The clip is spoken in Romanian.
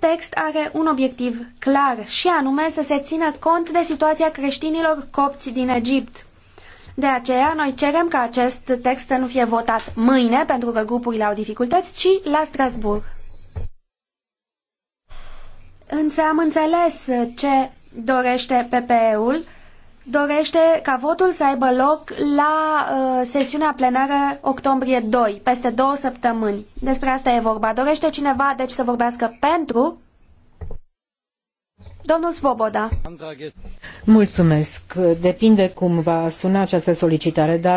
text are un obiectiv clar și anume să se țină cont de situația creștinilor copți din Egipt. De aceea, noi cerem ca acest text să nu fie votat mâine, pentru că grupurile au dificultăți, ci la Strasbourg. Însă am înțeles ce dorește PPE-ul dorește ca votul să aibă loc la uh, sesiunea plenară octombrie 2, peste două săptămâni. Despre asta e vorba. Dorește cineva, deci, să vorbească pentru? Domnul Svoboda. Mulțumesc. Depinde cum va suna această solicitare, dar